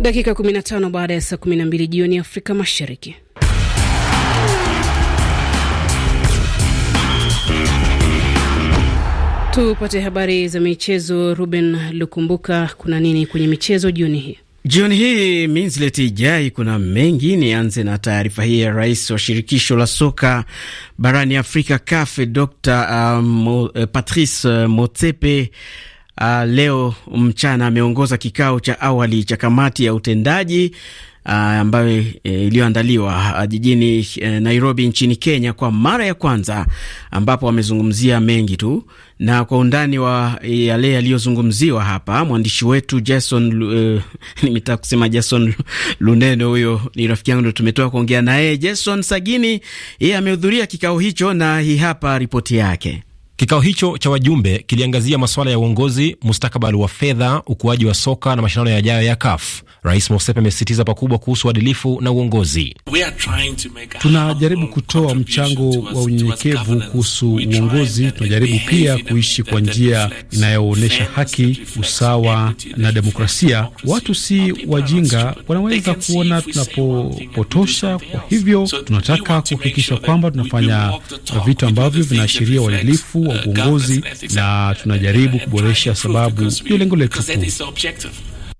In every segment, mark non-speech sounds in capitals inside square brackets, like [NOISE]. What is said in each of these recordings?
Dakika 15 baada ya saa 12 jioni Afrika Mashariki. Tupate habari za michezo. Ruben Lukumbuka, kuna nini kwenye michezo jioni hii? Jioni hii minslet ijai, kuna mengi. Nianze na taarifa hii ya rais wa shirikisho la soka barani Afrika, CAF, Dr um, eh, Patrice Motsepe uh, leo mchana ameongoza kikao cha awali cha kamati ya utendaji uh, ambayo eh, iliyoandaliwa uh, jijini eh, Nairobi nchini Kenya kwa mara ya kwanza, ambapo wamezungumzia mengi tu na kwa undani wa eh, yale yaliyozungumziwa hapa, mwandishi wetu Jason uh, [LAUGHS] nimetaka kusema Jason Luneno, huyo ni rafiki yangu, ndo tumetoka kuongea naye. Jason Sagini yeye amehudhuria kikao hicho na hii hapa ripoti yake. Kikao hicho cha wajumbe kiliangazia masuala ya uongozi, mustakabali wa fedha, ukuaji wa soka na mashindano yajayo ya CAF. Rais Mosepe amesisitiza pakubwa kuhusu uadilifu na uongozi. Tunajaribu kutoa mchango wa unyenyekevu kuhusu uongozi. Tunajaribu pia kuishi kwa njia inayoonyesha haki, usawa na demokrasia. Watu si wajinga, wanaweza kuona tunapopotosha. Kwa hivyo tunataka kuhakikisha kwamba tunafanya vitu ambavyo vinaashiria uadilifu wa uongozi uh, na tunajaribu uh, kuboresha sababu ndio lengo letu kuu.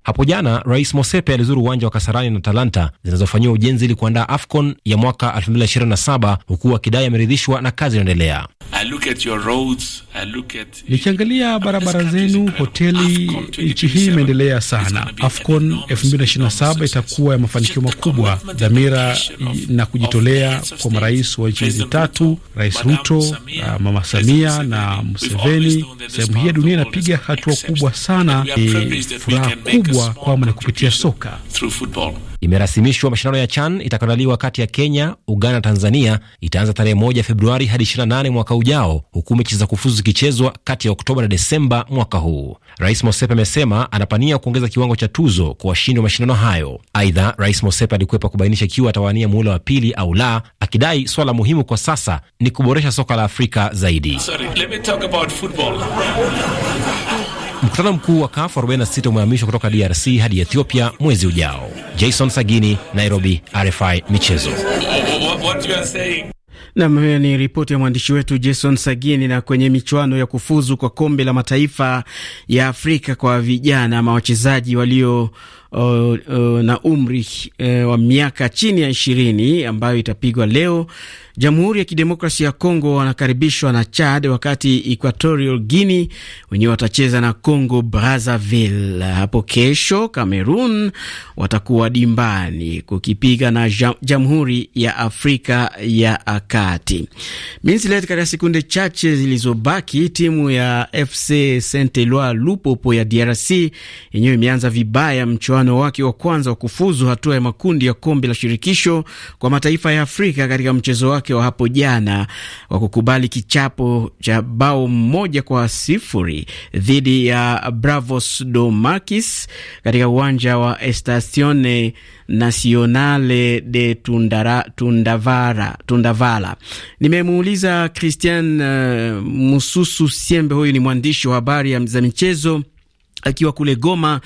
Hapo jana Rais Mosepe alizuru uwanja wa Kasarani na Talanta zinazofanyiwa ujenzi ili kuandaa AFCON ya mwaka 2027 huku akidai ameridhishwa na kazi inaendelea. Nikiangalia barabara zenu, hoteli, nchi hii imeendelea sana. AFCON 2027 itakuwa ya mafanikio makubwa. Dhamira na kujitolea kwa marais wa nchi hizi tatu, Rais Ruto, uh, Mama Samia na Museveni, sehemu hii ya dunia inapiga hatua kubwa sana. Ni eh, furaha kubwa kubwa kwa mwana kupitia soka. Imerasimishwa mashindano ya CHAN itakaandaliwa kati ya Kenya, Uganda na Tanzania. Itaanza tarehe moja Februari hadi 28 mwaka ujao, huku mechi za kufuzu zikichezwa kati ya Oktoba na Desemba mwaka huu. Rais Mosepe amesema anapania kuongeza kiwango cha tuzo kwa washindi wa mashindano hayo. Aidha, Rais Mosepe alikwepa kubainisha ikiwa atawania muhula wa pili au la, akidai swala muhimu kwa sasa ni kuboresha soka la Afrika zaidi. Sorry, Mkutano mkuu wa CAF 46 umehamishwa kutoka DRC hadi Ethiopia mwezi ujao. Jason Sagini, Nairobi, RFI Michezo. Nam, hiyo ni ripoti ya mwandishi wetu Jason Sagini. Na kwenye michuano ya kufuzu kwa kombe la mataifa ya Afrika kwa vijana ama wachezaji walio uh, uh, na umri uh, wa miaka chini ya ishirini ambayo itapigwa leo. Jamhuri ya Kidemokrasia ya Kongo wanakaribishwa na Chad, wakati Equatorial Guinea wenyewe watacheza na Congo Brazzaville. Hapo kesho Cameroon watakuwa dimbani kukipiga na Jamhuri ya Afrika ya Kati. Minslet, katika sekunde chache zilizobaki, timu ya FC Saint Eloi Lupopo ya DRC yenyewe imeanza vibaya mchwa mchuano wake wa kwanza wa kufuzu hatua ya makundi ya kombe la shirikisho kwa mataifa ya Afrika katika mchezo wake wa hapo jana wa kukubali kichapo cha bao moja kwa sifuri dhidi ya Bravos do katika uwanja wa Estacione Nacionale de Tundara, Tundavara, Tundavala. Nimemuuliza Christian uh, Mususu Siembe, huyu ni mwandishi wa habari za michezo akiwa kule Goma.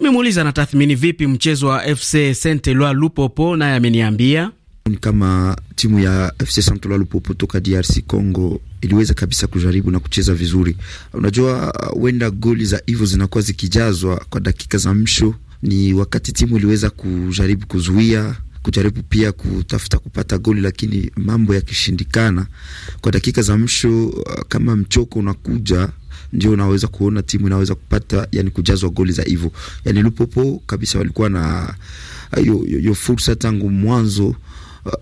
Nimemuuliza anatathmini vipi mchezo wa FC Saint Eloi Lupopo, naye ameniambia ni kama timu ya FC Saint Eloi Lupopo toka DRC Congo iliweza kabisa kujaribu na kucheza vizuri. Unajua, uh, huenda goli za hivyo zinakuwa zikijazwa kwa dakika za msho, ni wakati timu iliweza kujaribu kuzuia kujaribu pia kutafuta kupata goli lakini mambo yakishindikana kwa dakika za msho, uh, kama mchoko unakuja ndio unaweza kuona timu inaweza kupata yani kujazwa goli za hivyo. Yani Lupopo kabisa walikuwa na ah, hiyo fursa tangu mwanzo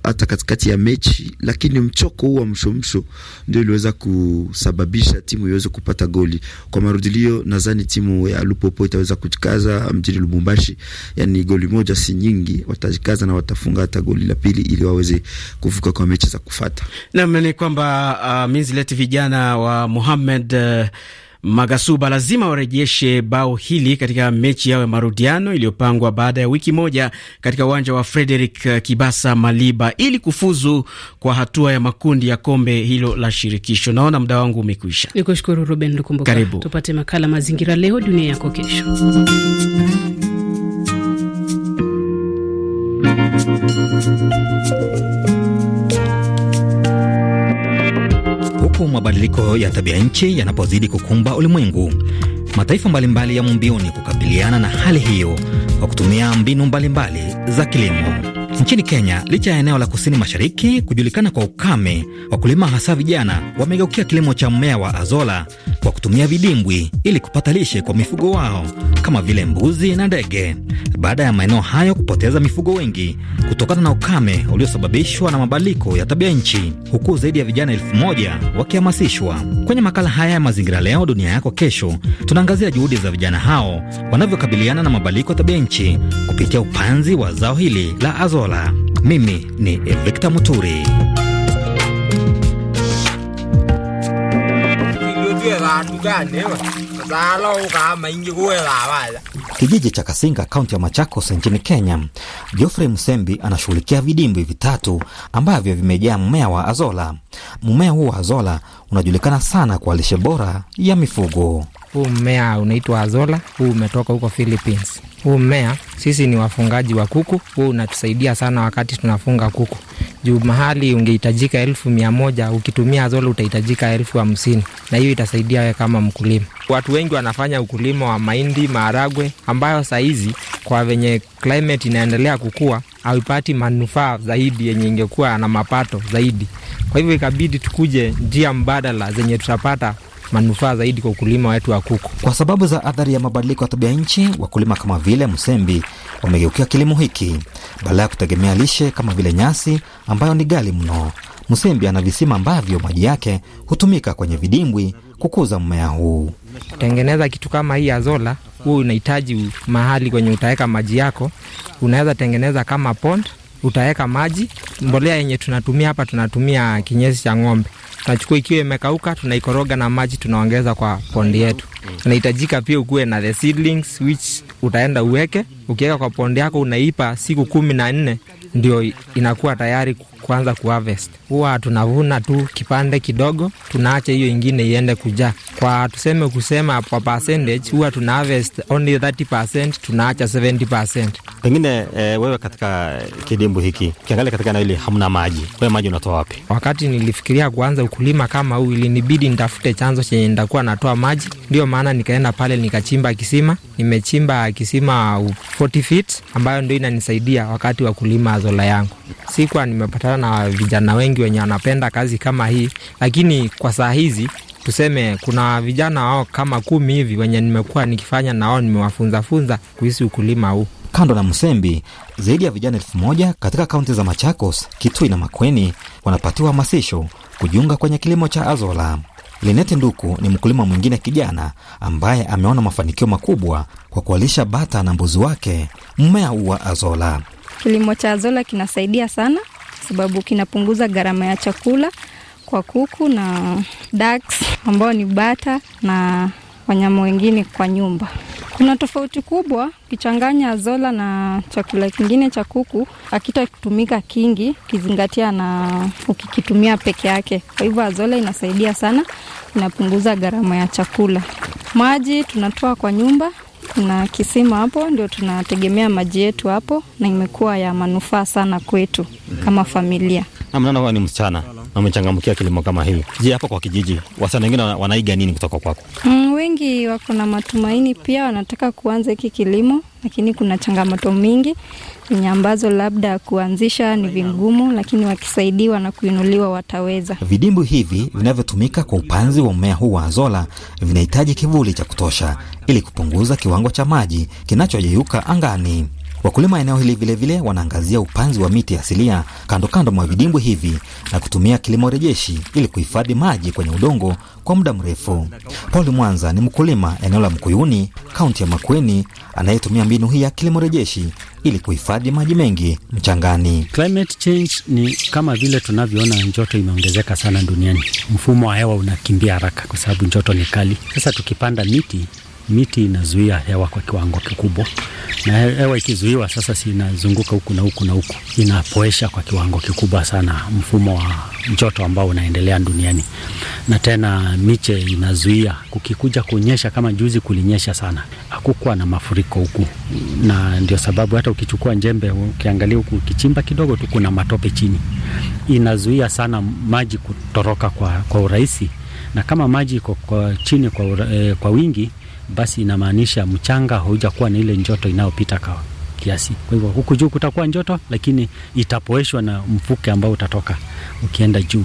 hata katikati ya mechi, lakini mchoko huu wa mshomsho ndio iliweza kusababisha timu iweze kupata goli kwa marudilio. Nadhani timu ya Lupopo itaweza kujikaza mjini Lubumbashi, yani goli moja si nyingi, watajikaza na watafunga hata goli la pili ili waweze kuvuka kwa mechi za kufata. Naam, ni kwamba uh, minzileti vijana wa Mohamed uh, eh, Magasuba lazima warejeshe bao hili katika mechi yao ya marudiano iliyopangwa baada ya wiki moja katika uwanja wa Frederick eh, Kibasa Maliba ili kufuzu kwa hatua ya makundi ya kombe hilo la shirikisho. Naona muda wangu umekwisha. Nikushukuru Ruben Lukumbuka. Karibu tupate makala mazingira leo dunia yako kesho. Endapo mabadiliko ya tabia nchi yanapozidi kukumba ulimwengu, mataifa mbalimbali yamo mbioni kukabiliana na hali hiyo kwa kutumia mbinu mbalimbali mbali za kilimo. Nchini Kenya, licha ya eneo la kusini mashariki kujulikana kwa ukame, wakulima hasa vijana wamegeukia kilimo cha mmea wa azola kwa kutumia vidimbwi ili kupata lishe kwa mifugo wao kama vile mbuzi na ndege, baada ya maeneo hayo kupoteza mifugo wengi kutokana na ukame uliosababishwa na mabadiliko ya tabia nchi, huku zaidi ya vijana elfu moja wakihamasishwa. Kwenye makala haya ya Mazingira Leo Dunia Yako Kesho, tunaangazia juhudi za vijana hao wanavyokabiliana na mabadiliko ya tabia nchi kupitia upanzi wa zao hili la azola. Sola. Mimi ni Victor Muturi. Kijiji cha Kasinga, kaunti ya Machakos nchini Kenya, Geoffrey msembi anashughulikia vidimbwi vitatu ambavyo vimejaa mmea wa azola. Mmea huu wa azola unajulikana sana kwa lishe bora ya mifugo. Huu mmea unaitwa azola, huu umetoka huko Philippines huu mmea, sisi ni wafungaji wa kuku, huu unatusaidia sana wakati tunafunga kuku juu mahali ungehitajika elfu mia moja ukitumia zolo utahitajika elfu hamsini na hiyo itasaidia we kama mkulima. Watu wengi wanafanya ukulima wa mahindi, maharagwe ambayo sahizi kwa venye climate inaendelea kukua hauipati manufaa zaidi yenye ingekuwa na mapato zaidi. Kwa hivyo ikabidi tukuje njia mbadala zenye tutapata manufaa zaidi kwa ukulima wetu wa kuku. Kwa sababu za athari ya mabadiliko ya tabia nchi, wakulima kama vile Msembi wamegeukia kilimo hiki badala ya kutegemea lishe kama vile nyasi ambayo ni ghali mno. Msembi ana visima ambavyo maji yake hutumika kwenye vidimbwi kukuza mmea huu. Tengeneza kitu kama hii azola, huu unahitaji mahali kwenye utaweka maji yako. Unaweza tengeneza kama pond, utaweka maji. Mbolea yenye tunatumia hapa, tunatumia kinyesi cha ng'ombe tunachukua ikiwa imekauka, tunaikoroga na maji, tunaongeza kwa pondi yetu. Inahitajika pia ukuwe na the seedlings which utaenda uweke. Ukiweka kwa pondi yako, unaipa siku kumi na nne ndio inakuwa tayari kuanza kuharvest. Huwa tunavuna tu kipande kidogo, tunaacha hiyo ingine iende kujaa. Kwa tuseme kusema kwa percentage, huwa tuna harvest only 30%, tunaacha 70%. Pengine e, wewe katika kidimbu hiki ukiangalia katika eneo hili hamna maji, wewe maji unatoa wapi? Wakati nilifikiria kuanza ukulima kama huu, ilinibidi nitafute chanzo chenye nitakuwa natoa maji. Ndio maana nikaenda pale nikachimba kisima. Nimechimba kisima 40 feet ambayo ndio inanisaidia wakati wa kulima zola yangu. Sikuwa nimepatana na vijana wengi wenye wanapenda kazi kama hii, lakini kwa saa hizi tuseme kuna vijana wao kama kumi hivi wenye nimekuwa nikifanya nao, nimewafunzafunza kuhusu ukulima huu. Kando na Msembi, zaidi ya vijana elfu moja katika kaunti za Machakos, Kitui na Makueni wanapatiwa hamasisho kujiunga kwenye kilimo cha Azola. Linete Nduku ni mkulima mwingine kijana ambaye ameona mafanikio makubwa kwa kualisha bata na mbuzi wake mmea huu wa Azola. Kilimo cha Azola kinasaidia sana sababu kinapunguza gharama ya chakula kwa kuku na ducks ambao ni bata na wanyama wengine kwa nyumba. Kuna tofauti kubwa ukichanganya azola na chakula kingine cha kuku, hakitatumika kingi ukizingatia na ukikitumia peke yake. Kwa hivyo azola inasaidia sana, inapunguza gharama ya chakula. Maji tunatoa kwa nyumba kuna kisima hapo ndio tunategemea maji yetu hapo, na imekuwa ya manufaa sana kwetu kama familia. Namnana ni msichana wamechangamkia kilimo kama hii Je, hapa kwa kijiji wasana wengine wanaiga nini kutoka kwako? Mm, wengi wako na matumaini pia, wanataka kuanza hiki kilimo, lakini kuna changamoto mingi yenye ambazo labda kuanzisha ni vigumu, lakini wakisaidiwa na kuinuliwa wataweza. vidimbu hivi vinavyotumika kwa upanzi wa mmea huu wa azola vinahitaji kivuli cha kutosha ili kupunguza kiwango cha maji kinachoyeyuka angani. Wakulima eneo hili vilevile vile wanaangazia upanzi wa miti asilia kando kando mwa vidimbwi hivi na kutumia kilimo rejeshi ili kuhifadhi maji kwenye udongo kwa muda mrefu. Paul Mwanza ni mkulima eneo la Mkuyuni, kaunti ya Makueni, anayetumia mbinu hii ya kilimo rejeshi ili kuhifadhi maji mengi mchangani. Climate change ni kama vile tunavyoona, njoto imeongezeka sana duniani, mfumo wa hewa unakimbia haraka kwa sababu njoto ni kali. Sasa tukipanda miti miti inazuia hewa kwa kiwango kikubwa, na hewa ikizuiwa sasa, si inazunguka huku na huku na huku, inapoesha kwa kiwango kikubwa sana mfumo wa joto ambao unaendelea duniani. Na tena miche inazuia, kukikuja kunyesha, kama juzi kulinyesha sana, hakukuwa na mafuriko huku, na ndio sababu hata ukichukua njembe ukiangalia huku, ukichimba kidogo tu kuna matope chini, inazuia sana maji kutoroka kwa, kwa urahisi na kama maji iko chini kwa, eh, kwa wingi basi inamaanisha mchanga haujakuwa na ile njoto inayopita kawa kiasi. Kwa hivyo huku juu kutakuwa njoto, lakini itapoeshwa na mfuke ambao utatoka ukienda juu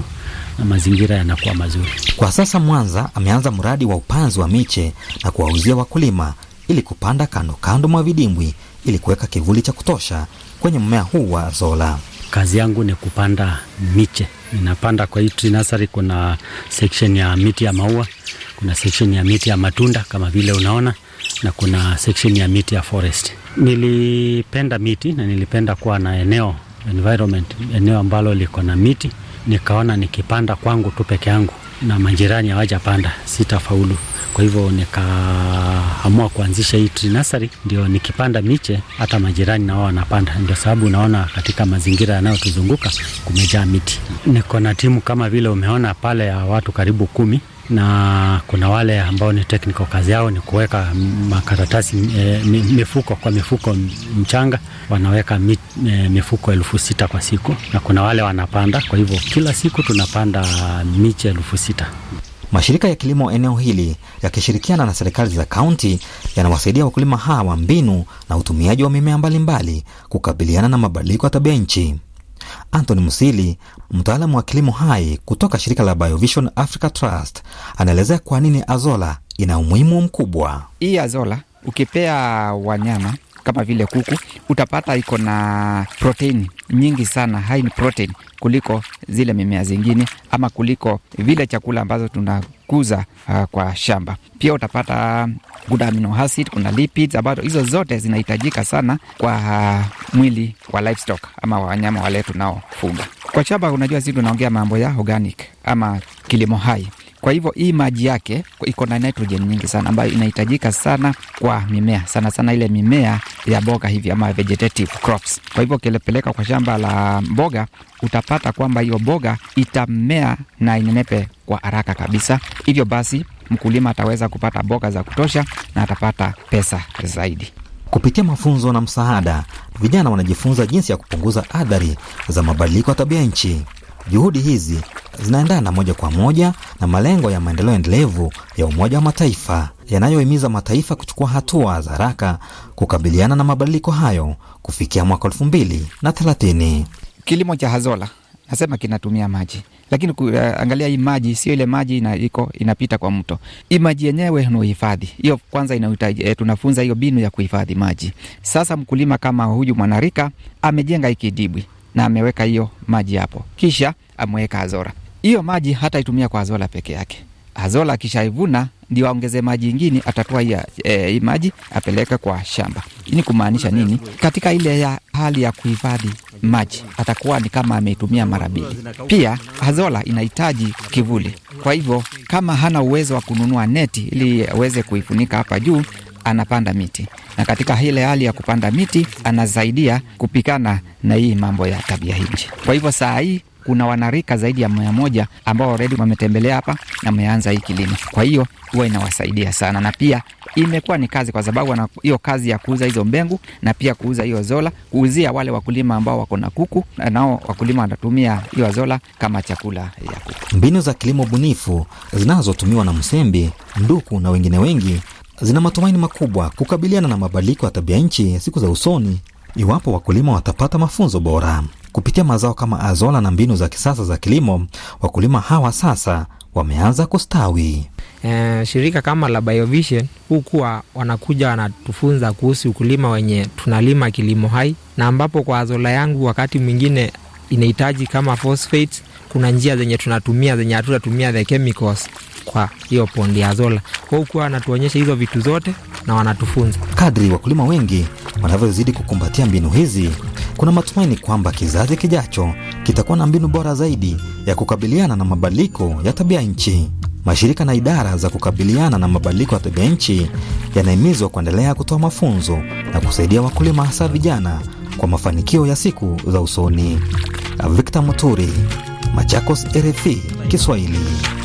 na mazingira yanakuwa mazuri. Kwa sasa Mwanza ameanza mradi wa upanzi wa miche na kuwauzia wakulima ili kupanda kando kando mwa vidimbwi ili kuweka kivuli cha kutosha kwenye mmea huu wa zola. Kazi yangu ni kupanda miche ninapanda kwa hii tree nursery. Kuna section ya miti ya maua, kuna section ya miti ya matunda kama vile unaona, na kuna section ya miti ya forest. Nilipenda miti na nilipenda kuwa na eneo environment, eneo ambalo liko na miti, nikaona nikipanda kwangu tu peke yangu na majirani hawajapanda sitafaulu. Kwa hivyo nikaamua kuanzisha hii tree nursery, ndio nikipanda miche hata majirani nao wanapanda, ndio sababu unaona katika mazingira yanayotuzunguka kumejaa miti. Niko na timu kama vile umeona pale ya watu karibu kumi na kuna wale ambao ni technical, kazi yao ni kuweka makaratasi e, mifuko kwa mifuko mchanga, wanaweka mi, e, mifuko elfu sita kwa siku, na kuna wale wanapanda. Kwa hivyo kila siku tunapanda miche elfu sita. Mashirika ya kilimo eneo hili yakishirikiana na serikali za kaunti yanawasaidia wakulima hawa mbinu na utumiaji wa mimea mbalimbali kukabiliana na mabadiliko ya tabia nchi. Anthony Musili, mtaalamu wa kilimo hai kutoka shirika la Biovision Africa Trust, anaelezea kwa nini azola ina umuhimu mkubwa. Hii azola ukipea wanyama kama vile kuku, utapata iko na protein nyingi sana, high protein kuliko zile mimea zingine ama kuliko vile chakula ambazo tunakuza uh, kwa shamba. Pia utapata ah, good amino acid, kuna lipids ambazo hizo zote zinahitajika sana kwa uh, mwili wa livestock ama wanyama wale tunaofuga kwa shamba. Unajua, sisi tunaongea mambo ya organic ama kilimo hai kwa hivyo hii maji yake iko na nitrogen nyingi sana ambayo inahitajika sana kwa mimea, sana sana ile mimea ya mboga hivi ama vegetative crops. Kwa hivyo ukilipeleka kwa shamba la mboga utapata kwamba hiyo mboga itamea na inenepe kwa haraka kabisa. Hivyo basi mkulima ataweza kupata mboga za kutosha na atapata pesa zaidi. Kupitia mafunzo na msaada, vijana wanajifunza jinsi ya kupunguza athari za mabadiliko ya tabia nchi. Juhudi hizi zinaendana moja kwa moja na malengo ya maendeleo endelevu ya Umoja wa Mataifa yanayohimiza mataifa kuchukua hatua za haraka kukabiliana na mabadiliko hayo kufikia mwaka elfu mbili na thelathini. Kilimo cha Hazola nasema kinatumia maji lakini kuangalia eh, hii maji sio ile maji ina, iko inapita kwa mto. Hii maji yenyewe ni uhifadhi hiyo kwanza e, tunafunza hiyo binu ya kuhifadhi maji. Sasa mkulima kama huyu mwanarika amejenga hiki dibwi na ameweka hiyo maji hapo, kisha ameweka Azola. Hiyo maji hata itumia kwa Azola peke yake. Azola akishaivuna ndio aongeze maji ingine, atatoa hii e, maji apeleke kwa shamba. Ini kumaanisha nini? Katika ile ya hali ya kuhifadhi maji atakuwa ni kama ameitumia mara mbili. Pia Azola inahitaji kivuli, kwa hivyo kama hana uwezo wa kununua neti ili aweze kuifunika hapa juu, anapanda miti, na katika ile hali ya kupanda miti anazaidia kupikana na hii mambo ya tabia nchi. Kwa hivyo saa hii kuna wanarika zaidi ya mia moja ambao redi wametembelea hapa na wameanza hii kilimo. Kwa hiyo huwa inawasaidia sana, na pia imekuwa ni kazi, kwa sababu wana hiyo kazi ya kuuza hizo mbengu na pia kuuza hiyo zola, kuuzia wale wakulima ambao wako na kuku, nao wakulima wanatumia hiyo zola kama chakula ya kuku. Mbinu za kilimo bunifu zinazotumiwa na Msembi, Nduku na wengine wengi zina matumaini makubwa kukabiliana na mabadiliko ya tabia nchi siku za usoni iwapo wakulima watapata mafunzo bora kupitia mazao kama azola na mbinu za kisasa za kilimo. Wakulima hawa sasa wameanza kustawi. E, shirika kama la Biovision hukuwa wanakuja wanatufunza kuhusu ukulima wenye tunalima kilimo hai, na ambapo kwa azola yangu wakati mwingine inahitaji kama phosphate kuna njia zenye tunatumia zenye hatutatumia the chemicals kwa hiyo pondiazola. Kwa hiyo kuwa wanatuonyesha hizo vitu zote na wanatufunza. Kadri wakulima wengi wanavyozidi kukumbatia mbinu hizi, kuna matumaini kwamba kizazi kijacho kitakuwa na mbinu bora zaidi ya kukabiliana na mabadiliko ya tabia nchi. Mashirika na idara za kukabiliana na mabadiliko ya tabia nchi yanahimizwa kuendelea kutoa mafunzo na kusaidia wakulima hasa vijana kwa mafanikio ya siku za usoni. Victor Muturi, Machakos, RFI Kiswahili.